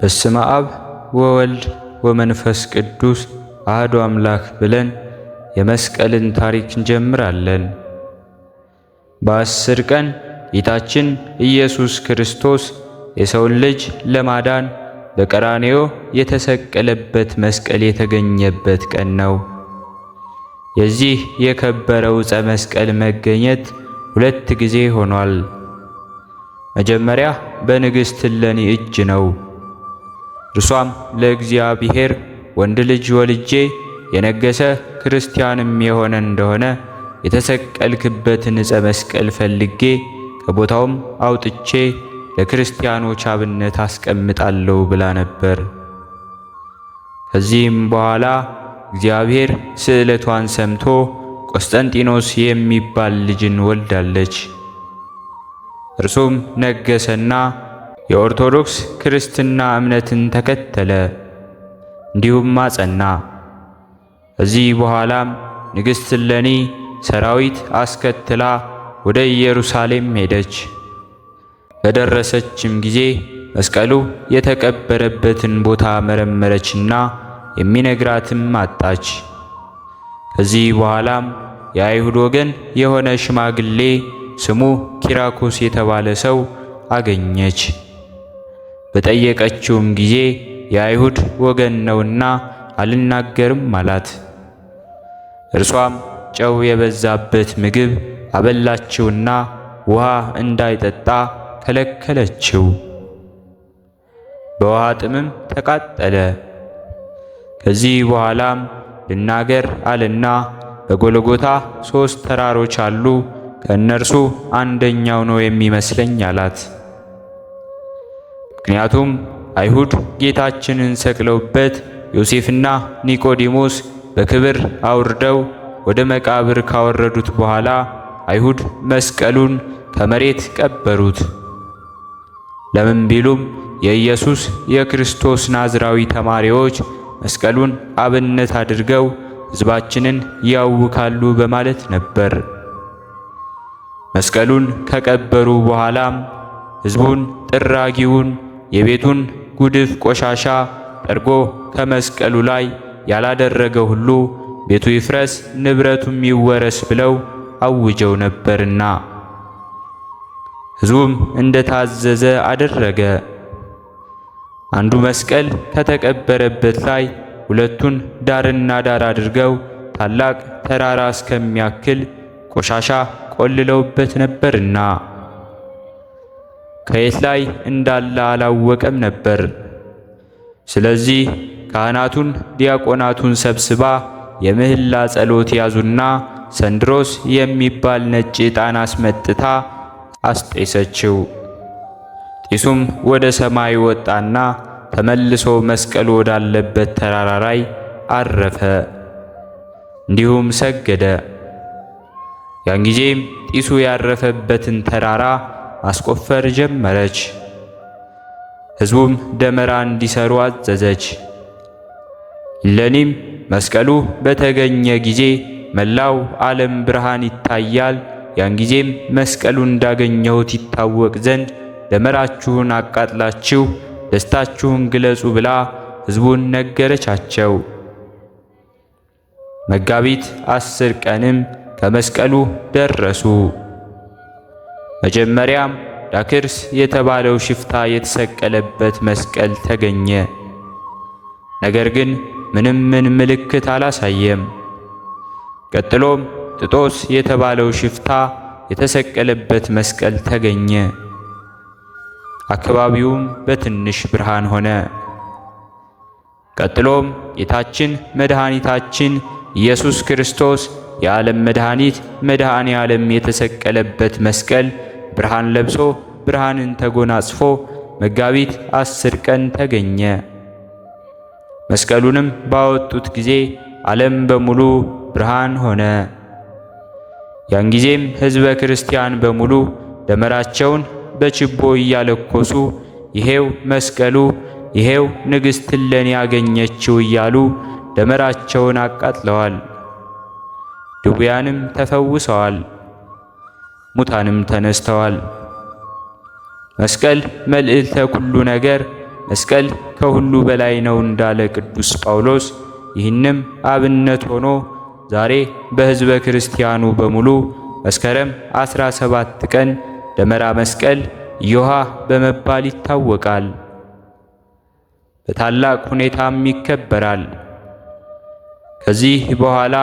በስመ አብ ወወልድ ወመንፈስ ቅዱስ አህዶ አምላክ ብለን የመስቀልን ታሪክ እንጀምራለን። በአስር ቀን ጌታችን ኢየሱስ ክርስቶስ የሰውን ልጅ ለማዳን በቀራኔዮ የተሰቀለበት መስቀል የተገኘበት ቀን ነው። የዚህ የከበረው ዕፀ መስቀል መገኘት ሁለት ጊዜ ሆኗል። መጀመሪያ በንግሥት ለኔ እጅ ነው። እርሷም ለእግዚአብሔር ወንድ ልጅ ወልጄ የነገሰ ክርስቲያንም የሆነ እንደሆነ የተሰቀልክበትን ዕፀ መስቀል ፈልጌ ከቦታውም አውጥቼ ለክርስቲያኖች አብነት አስቀምጣለሁ ብላ ነበር። ከዚህም በኋላ እግዚአብሔር ስዕለቷን ሰምቶ ቆስጠንጢኖስ የሚባል ልጅን ወልዳለች። እርሱም ነገሰና የኦርቶዶክስ ክርስትና እምነትን ተከተለ፣ እንዲሁም አጸና። እዚህ በኋላም ንግሥት እሌኒ ሰራዊት አስከትላ ወደ ኢየሩሳሌም ሄደች። በደረሰችም ጊዜ መስቀሉ የተቀበረበትን ቦታ መረመረችና የሚነግራትም አጣች። ከዚህ በኋላም የአይሁድ ወገን የሆነ ሽማግሌ ስሙ ኪራኮስ የተባለ ሰው አገኘች። በጠየቀችውም ጊዜ የአይሁድ ወገን ነውና አልናገርም አላት። እርሷም ጨው የበዛበት ምግብ አበላችውና ውሃ እንዳይጠጣ ከለከለችው። በውሃ ጥምም ተቃጠለ። ከዚህ በኋላም ልናገር አለና በጎልጎታ ሦስት ተራሮች አሉ፣ ከእነርሱ አንደኛው ነው የሚመስለኝ አላት። ምክንያቱም አይሁድ ጌታችንን ሰቅለውበት ዮሴፍና ኒቆዲሞስ በክብር አውርደው ወደ መቃብር ካወረዱት በኋላ አይሁድ መስቀሉን ከመሬት ቀበሩት። ለምን ቢሉም የኢየሱስ የክርስቶስ ናዝራዊ ተማሪዎች መስቀሉን አብነት አድርገው ሕዝባችንን ያውካሉ በማለት ነበር። መስቀሉን ከቀበሩ በኋላም ሕዝቡን ጥራጊውን የቤቱን ጉድፍ ቆሻሻ ጠርጎ ከመስቀሉ ላይ ያላደረገ ሁሉ ቤቱ ይፍረስ ንብረቱም ይወረስ ብለው አውጀው ነበርና ሕዝቡም እንደታዘዘ አደረገ። አንዱ መስቀል ከተቀበረበት ላይ ሁለቱን ዳርና ዳር አድርገው ታላቅ ተራራ እስከሚያክል ቆሻሻ ቆልለውበት ነበርና ከየት ላይ እንዳለ አላወቀም ነበር። ስለዚህ ካህናቱን ዲያቆናቱን ሰብስባ የምህላ ጸሎት ያዙና ሰንድሮስ የሚባል ነጭ ዕጣን አስመጥታ አስጤሰችው። ጢሱም ወደ ሰማይ ወጣና ተመልሶ መስቀል ወዳለበት ተራራ ላይ አረፈ። እንዲሁም ሰገደ። ያን ጊዜም ጢሱ ያረፈበትን ተራራ ማስቆፈር ጀመረች። ሕዝቡም ደመራ እንዲሰሩ አዘዘች። ለኔም መስቀሉ በተገኘ ጊዜ መላው ዓለም ብርሃን ይታያል። ያን ጊዜም መስቀሉ እንዳገኘሁት ይታወቅ ዘንድ ደመራችሁን አቃጥላችሁ ደስታችሁን ግለጹ ብላ ሕዝቡን ነገረቻቸው። መጋቢት አስር ቀንም ከመስቀሉ ደረሱ። መጀመሪያም ዳክርስ የተባለው ሽፍታ የተሰቀለበት መስቀል ተገኘ። ነገር ግን ምንም ምን ምልክት አላሳየም። ቀጥሎም ጥጦስ የተባለው ሽፍታ የተሰቀለበት መስቀል ተገኘ። አካባቢውም በትንሽ ብርሃን ሆነ። ቀጥሎም ጌታችን መድኃኒታችን ኢየሱስ ክርስቶስ የዓለም መድኃኒት መድኃኔ ዓለም የተሰቀለበት መስቀል ብርሃን ለብሶ ብርሃንን ተጎናጽፎ መጋቢት አስር ቀን ተገኘ። መስቀሉንም ባወጡት ጊዜ ዓለም በሙሉ ብርሃን ሆነ። ያን ጊዜም ሕዝበ ክርስቲያን በሙሉ ደመራቸውን በችቦ እያለኮሱ ይሄው መስቀሉ፣ ይሄው ንግስት ለኔ ያገኘችው እያሉ ደመራቸውን አቃጥለዋል። ድውያንም ተፈውሰዋል። ሙታንም ተነስተዋል። መስቀል መልእልተ ኩሉ ነገር፣ መስቀል ከሁሉ በላይ ነው እንዳለ ቅዱስ ጳውሎስ፣ ይህንም አብነት ሆኖ ዛሬ በሕዝበ ክርስቲያኑ በሙሉ መስከረም 17 ቀን ደመራ መስቀል ዮሐ በመባል ይታወቃል። በታላቅ ሁኔታም ይከበራል። ከዚህ በኋላ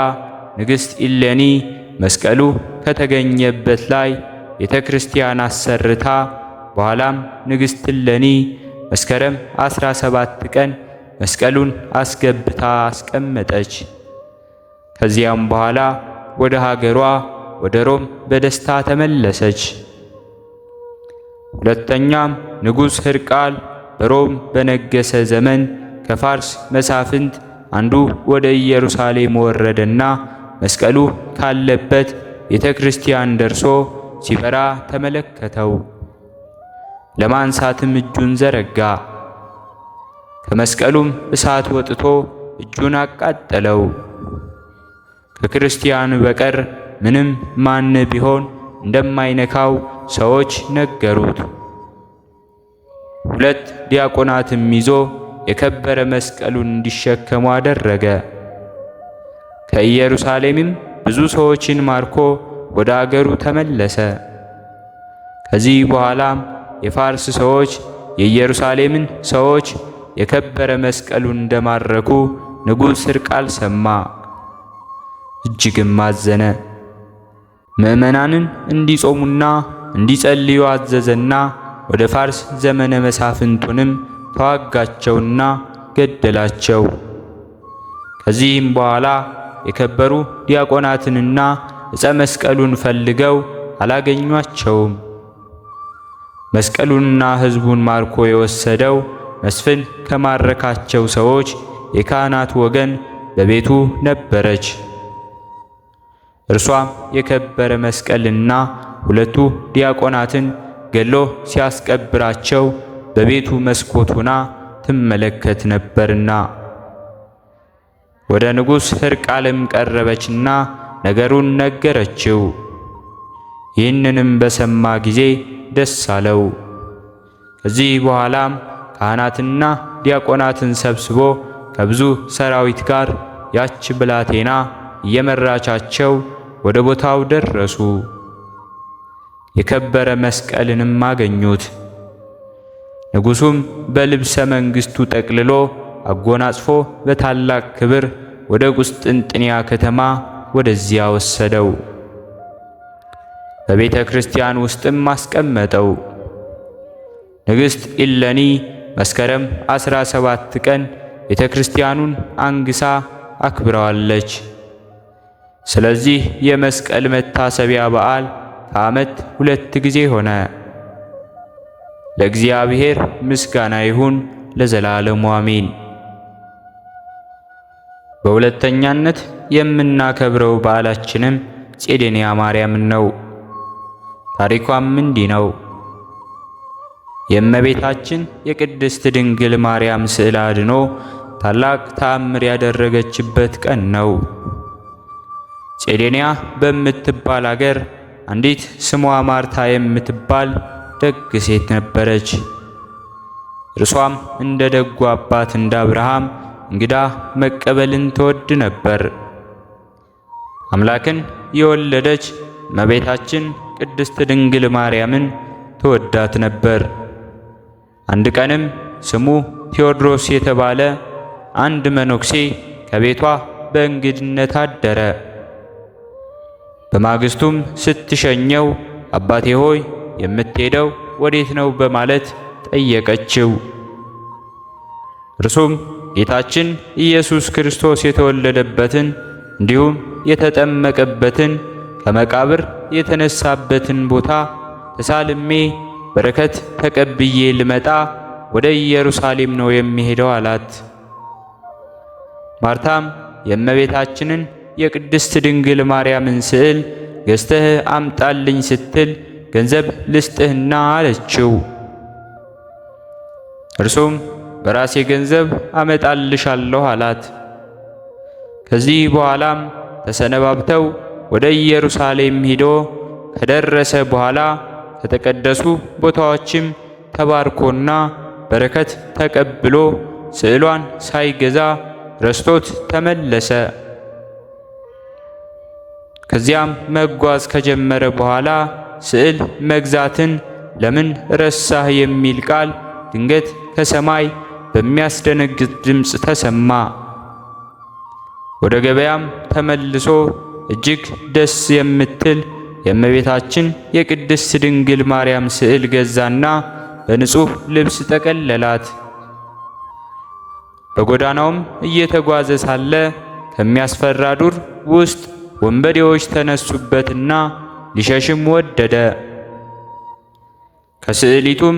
ንግሥት ኢሌኒ መስቀሉ ከተገኘበት ላይ ቤተ ክርስቲያን አሰርታ በኋላም ንግሥት እሌኒ መስከረም 17 ቀን መስቀሉን አስገብታ አስቀመጠች። ከዚያም በኋላ ወደ ሀገሯ ወደ ሮም በደስታ ተመለሰች። ሁለተኛም ንጉሥ ሕርቃል በሮም በነገሰ ዘመን ከፋርስ መሳፍንት አንዱ ወደ ኢየሩሳሌም ወረደና መስቀሉ ካለበት ቤተ ክርስቲያን ደርሶ ሲበራ ተመለከተው። ለማንሳትም እጁን ዘረጋ። ከመስቀሉም እሳት ወጥቶ እጁን አቃጠለው። ከክርስቲያን በቀር ምንም ማን ቢሆን እንደማይነካው ሰዎች ነገሩት። ሁለት ዲያቆናትም ይዞ የከበረ መስቀሉን እንዲሸከሙ አደረገ። ከኢየሩሳሌምም ብዙ ሰዎችን ማርኮ ወደ አገሩ ተመለሰ። ከዚህ በኋላም የፋርስ ሰዎች የኢየሩሳሌምን ሰዎች የከበረ መስቀሉን እንደማረኩ ንጉሥ ሕርቃል ሰማ፣ እጅግም አዘነ። ምዕመናንን እንዲጾሙና እንዲጸልዩ አዘዘና ወደ ፋርስ ዘመነ መሳፍንቱንም ተዋጋቸውና ገደላቸው። ከዚህም በኋላ የከበሩ ዲያቆናትንና ዕፀ መስቀሉን ፈልገው አላገኟቸውም። መስቀሉንና ሕዝቡን ማርኮ የወሰደው መስፍን ከማረካቸው ሰዎች የካህናት ወገን በቤቱ ነበረች። እርሷም የከበረ መስቀልና ሁለቱ ዲያቆናትን ገሎ ሲያስቀብራቸው በቤቱ መስኮት ሆና ትመለከት ነበርና ወደ ንጉሥ ሕርቃልም ቀረበችና ነገሩን ነገረችው። ይህንንም በሰማ ጊዜ ደስ አለው። ከዚህ በኋላም ካህናትና ዲያቆናትን ሰብስቦ ከብዙ ሰራዊት ጋር ያች ብላቴና እየመራቻቸው ወደ ቦታው ደረሱ። የከበረ መስቀልንም አገኙት። ንጉሡም በልብሰ መንግሥቱ ጠቅልሎ አጎናጽፎ በታላቅ ክብር ወደ ቁስጥንጥንያ ከተማ ወደዚያ ወሰደው። በቤተ ክርስቲያን ውስጥም አስቀመጠው። ንግሥት ኢለኒ መስከረም 17 ቀን ቤተ ክርስቲያኑን አንግሳ አክብረዋለች። ስለዚህ የመስቀል መታሰቢያ በዓል ከዓመት ሁለት ጊዜ ሆነ። ለእግዚአብሔር ምስጋና ይሁን ለዘላለሙ አሜን። በሁለተኛነት የምናከብረው በዓላችንም ጼዴንያ ማርያምን ነው። ታሪኳም እንዲህ ነው። የእመቤታችን የቅድስት ድንግል ማርያም ስዕል አድኖ ታላቅ ተአምር ያደረገችበት ቀን ነው። ጼዴንያ በምትባል አገር አንዲት ስሟ ማርታ የምትባል ደግ ሴት ነበረች። እርሷም እንደ ደጉ አባት እንደ አብርሃም እንግዳ መቀበልን ትወድ ነበር። አምላክን የወለደች እመቤታችን ቅድስት ድንግል ማርያምን ትወዳት ነበር። አንድ ቀንም ስሙ ቴዎድሮስ የተባለ አንድ መነኩሴ ከቤቷ በእንግድነት አደረ። በማግስቱም ስትሸኘው አባቴ ሆይ የምትሄደው ወዴት ነው? በማለት ጠየቀችው። እርሱም ጌታችን ኢየሱስ ክርስቶስ የተወለደበትን እንዲሁም የተጠመቀበትን ከመቃብር የተነሳበትን ቦታ ተሳልሜ በረከት ተቀብዬ ልመጣ ወደ ኢየሩሳሌም ነው የሚሄደው አላት። ማርታም የእመቤታችንን የቅድስት ድንግል ማርያምን ስዕል ገዝተህ አምጣልኝ ስትል ገንዘብ ልስጥህና አለችው። እርሱም በራሴ ገንዘብ አመጣልሻለሁ አላት። ከዚህ በኋላም ተሰነባብተው ወደ ኢየሩሳሌም ሂዶ ከደረሰ በኋላ ከተቀደሱ ቦታዎችም ተባርኮና በረከት ተቀብሎ ስዕሏን ሳይገዛ ረስቶት ተመለሰ። ከዚያም መጓዝ ከጀመረ በኋላ ስዕል መግዛትን ለምን ረሳህ የሚል ቃል ድንገት ከሰማይ በሚያስደነግጥ ድምፅ ተሰማ። ወደ ገበያም ተመልሶ እጅግ ደስ የምትል የእመቤታችን የቅድስት ድንግል ማርያም ስዕል ገዛና በንጹሕ ልብስ ጠቀለላት። በጎዳናውም እየተጓዘ ሳለ ከሚያስፈራ ዱር ውስጥ ወንበዴዎች ተነሱበትና ሊሸሽም ወደደ። ከስዕሊቱም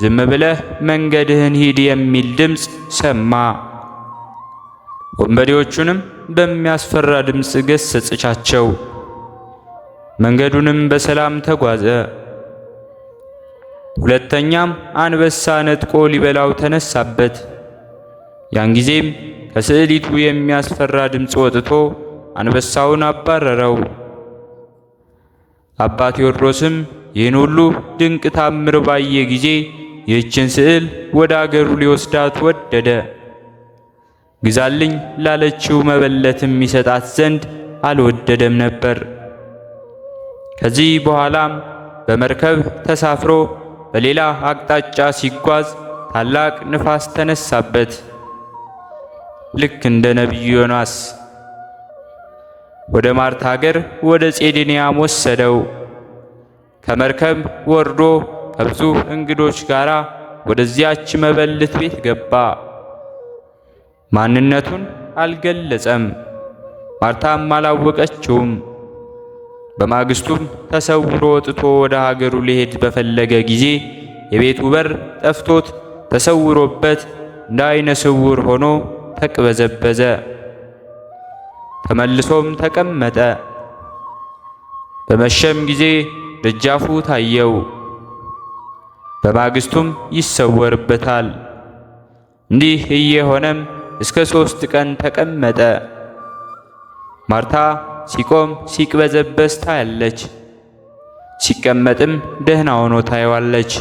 ዝም ብለህ መንገድህን ሂድ የሚል ድምፅ ሰማ። ወንበዴዎቹንም በሚያስፈራ ድምፅ ገሰጸቻቸው። መንገዱንም በሰላም ተጓዘ። ሁለተኛም አንበሳ ነጥቆ ሊበላው ተነሳበት። ያን ጊዜም ከስዕሊቱ የሚያስፈራ ድምፅ ወጥቶ አንበሳውን አባረረው። አባ ቴዎድሮስም ይህን ሁሉ ድንቅ ታምር ባየ ጊዜ ይህችን ስዕል ወደ አገሩ ሊወስዳት ወደደ። ግዛልኝ ላለችው መበለትም ይሰጣት ዘንድ አልወደደም ነበር። ከዚህ በኋላም በመርከብ ተሳፍሮ በሌላ አቅጣጫ ሲጓዝ ታላቅ ንፋስ ተነሳበት። ልክ እንደ ነቢዩ ዮናስ ወደ ማርታ አገር ወደ ጼዴንያም ወሰደው። ከመርከብ ወርዶ ከብዙ እንግዶች ጋር ወደዚያች መበልት ቤት ገባ። ማንነቱን አልገለጸም፣ ማርታም አላወቀችውም። በማግስቱም ተሰውሮ ወጥቶ ወደ ሀገሩ ሊሄድ በፈለገ ጊዜ የቤቱ በር ጠፍቶት ተሰውሮበት እንደ ዓይነ ስውር ሆኖ ተቅበዘበዘ። ተመልሶም ተቀመጠ። በመሸም ጊዜ ደጃፉ ታየው። በማግስቱም ይሰወርበታል። እንዲህ እየሆነም እስከ ሶስት ቀን ተቀመጠ። ማርታ ሲቆም ሲቅበዘበዝ ታያለች፣ ሲቀመጥም ደህና ሆኖ ታየዋለች።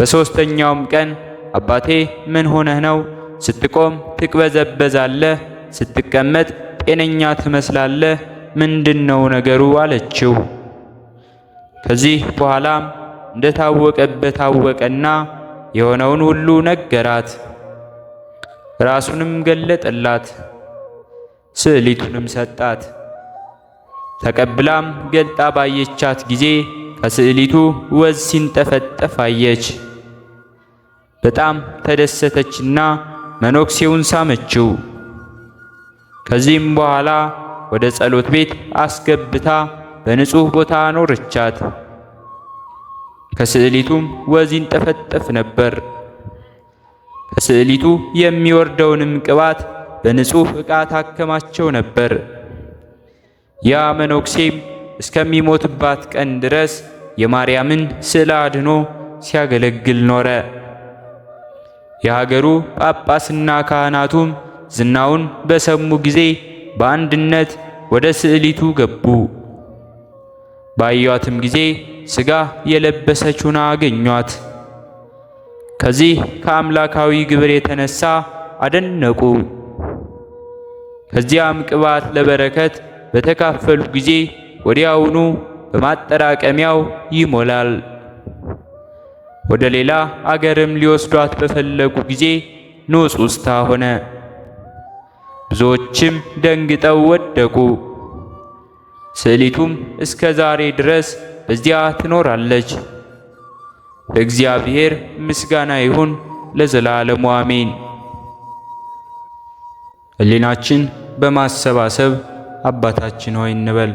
በሦስተኛውም ቀን አባቴ ምን ሆነህ ነው? ስትቆም ትቅበዘበዛለህ፣ ስትቀመጥ ጤነኛ ትመስላለህ። ምንድን ነው ነገሩ? አለችው። ከዚህ በኋላም እንደታወቀ ታወቀበት አወቀና የሆነውን ሁሉ ነገራት። ራሱንም ገለጠላት፣ ስዕሊቱንም ሰጣት። ተቀብላም ገልጣ ባየቻት ጊዜ ከስዕሊቱ ወዝ ሲንጠፈጠፍ አየች። በጣም ተደሰተችና መነኩሴውን ሳመችው። ከዚህም በኋላ ወደ ጸሎት ቤት አስገብታ በንጹሕ ቦታ አኖረቻት። ከስዕሊቱም ወዝ ጠፈጠፍ ነበር። ከስዕሊቱ የሚወርደውንም ቅባት በንጹሕ ዕቃ ታከማቸው ነበር። ያ መነኩሴም እስከሚሞትባት ቀን ድረስ የማርያምን ስዕል አድኖ ሲያገለግል ኖረ። የሀገሩ ጳጳስና ካህናቱም ዝናውን በሰሙ ጊዜ በአንድነት ወደ ስዕሊቱ ገቡ። ባዩዋትም ጊዜ ሥጋ የለበሰችውን አገኟት። ከዚህ ከአምላካዊ ግብር የተነሳ አደነቁ። ከዚያም ቅባት ለበረከት በተካፈሉ ጊዜ ወዲያውኑ በማጠራቀሚያው ይሞላል። ወደ ሌላ አገርም ሊወስዷት በፈለጉ ጊዜ ኖኅ ውስታ ሆነ። ብዙዎችም ደንግጠው ወደቁ። ስዕሊቱም እስከ ዛሬ ድረስ በዚያ ትኖራለች። ለእግዚአብሔር ምስጋና ይሁን ለዘላለሙ አሜን። ሕሊናችን በማሰባሰብ አባታችን ሆይ እንበል።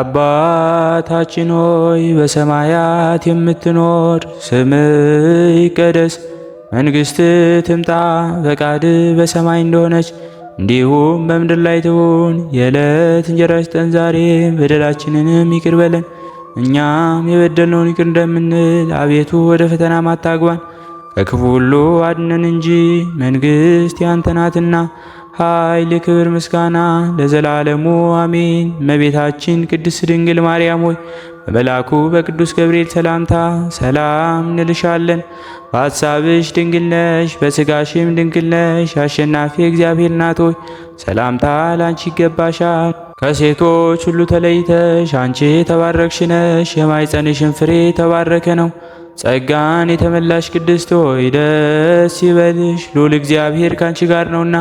አባታችን ሆይ በሰማያት የምትኖር፣ ስምህ ይቀደስ፣ መንግሥት ትምጣ፣ ፈቃድህ በሰማይ እንደሆነች እንዲሁም በምድር ላይ ትሁን። የዕለት እንጀራችንን ስጠን ዛሬ፣ በደላችንንም ይቅር በለን እኛም የበደልነውን ይቅር እንደምንል አቤቱ ወደ ፈተና ማታግባን ከክፉ ሁሉ አድነን እንጂ መንግሥት ያንተ ናትና ኃይል፣ ክብር፣ ምስጋና ለዘላለሙ አሜን። እመቤታችን ቅድስት ድንግል ማርያም ሆይ በመልአኩ በቅዱስ ገብርኤል ሰላምታ ሰላም እንልሻለን። በሐሳብሽ ድንግል ነሽ፣ በሥጋሽም ድንግል ነሽ። አሸናፊ እግዚአብሔር እናት ሆይ ሰላምታ ላንቺ ይገባሻል። ከሴቶች ሁሉ ተለይተሽ አንቺ የተባረክሽ ነሽ፣ የማኅፀንሽን ፍሬ የተባረከ ነው። ጸጋን የተመላሽ ቅድስት ሆይ ደስ ይበልሽ፣ ሉል እግዚአብሔር ካንቺ ጋር ነውና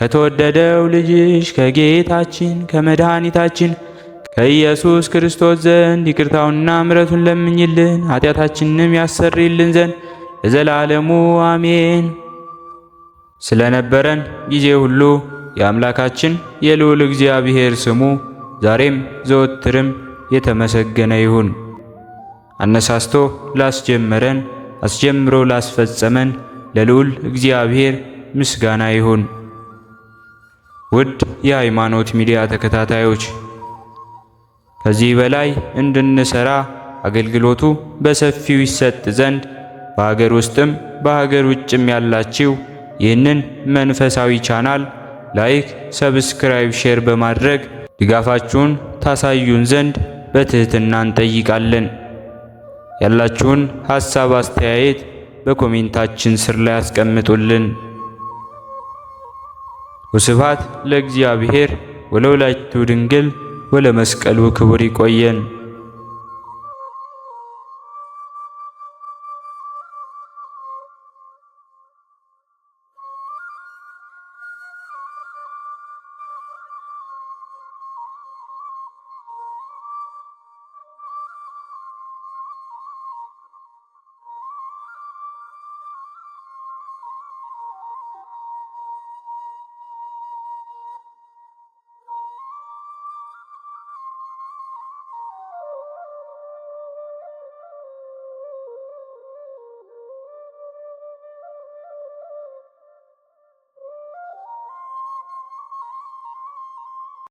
ከተወደደው ልጅሽ ከጌታችን ከመድኃኒታችን ከኢየሱስ ክርስቶስ ዘንድ ይቅርታውንና ምረቱን ለምኝልን ኃጢአታችንንም ያሰርይልን ዘንድ ለዘላለሙ አሜን። ስለነበረን ጊዜ ሁሉ የአምላካችን የልዑል እግዚአብሔር ስሙ ዛሬም ዘወትርም የተመሰገነ ይሁን። አነሳስቶ ላስጀመረን አስጀምሮ ላስፈጸመን ለልዑል እግዚአብሔር ምስጋና ይሁን። ውድ የሃይማኖት ሚዲያ ተከታታዮች ከዚህ በላይ እንድንሰራ አገልግሎቱ በሰፊው ይሰጥ ዘንድ በሀገር ውስጥም በሀገር ውጭም ያላችሁ ይህንን መንፈሳዊ ቻናል ላይክ፣ ሰብስክራይብ፣ ሼር በማድረግ ድጋፋችሁን ታሳዩን ዘንድ በትህትና እንጠይቃለን። ያላችሁን ሐሳብ አስተያየት በኮሜንታችን ስር ላይ አስቀምጡልን። ወስብሐት ለእግዚአብሔር ወለወላዲቱ ድንግል ወለመስቀሉ ክቡር ይቆየን።